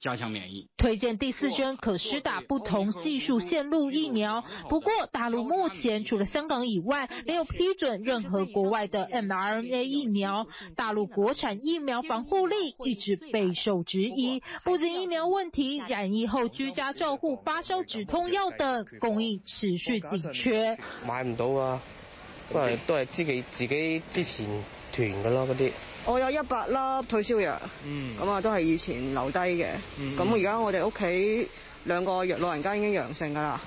加強免疫，推薦第四針可施打不同技術線路疫苗。不過，大陸目前除了香港以外，沒有批准任何國外的 mRNA 疫苗。大陸國產疫苗防護力一直備受質疑。不僅疫苗問題，染疫後居家照護、發燒止痛藥等供應持續緊缺。買唔到啊，不都係都係自己自己之前囤噶咯，嗰啲。我有一百粒退燒藥，嗯，咁啊都係以前留低嘅。咁、嗯、而家我哋屋企。兩個老人家已經陽性㗎啦，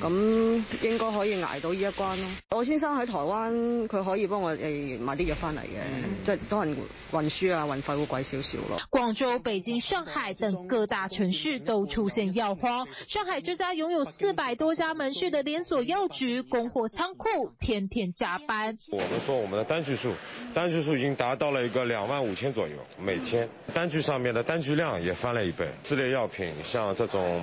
咁、嗯、應該可以捱到呢一關咯。我先生喺台灣，佢可以幫我誒買啲藥翻嚟嘅，即係都係運輸啊，運費會貴少少咯。廣州、北京、上海等各大城市都出現藥荒，上海這家擁有四百多家門市嘅連鎖藥局供貨倉庫天天加班。我們說我們的單據數，單據數已經達到了一個兩萬五千左右每天，單據上面的單據量也翻了一倍。四類藥品像這種。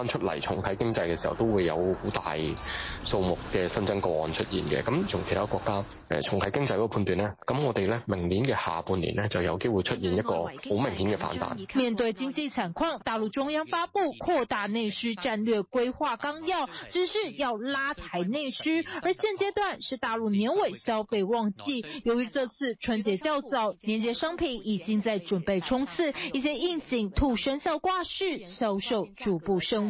翻出嚟重啟經濟嘅時候都會有好大數目嘅新增個案出現嘅，咁從其他國家誒重啟經濟個判斷呢，咁我哋呢明年嘅下半年呢就有機會出現一個好明顯嘅反彈。面對經濟慘況，大陸中央發佈《擴大內需戰略規劃綱要》，指示要拉抬內需，而現階段是大陸年尾消費旺季。由於這次春節較早，年節商品已經在準備衝刺，一些應景兔生肖掛飾銷售逐步升。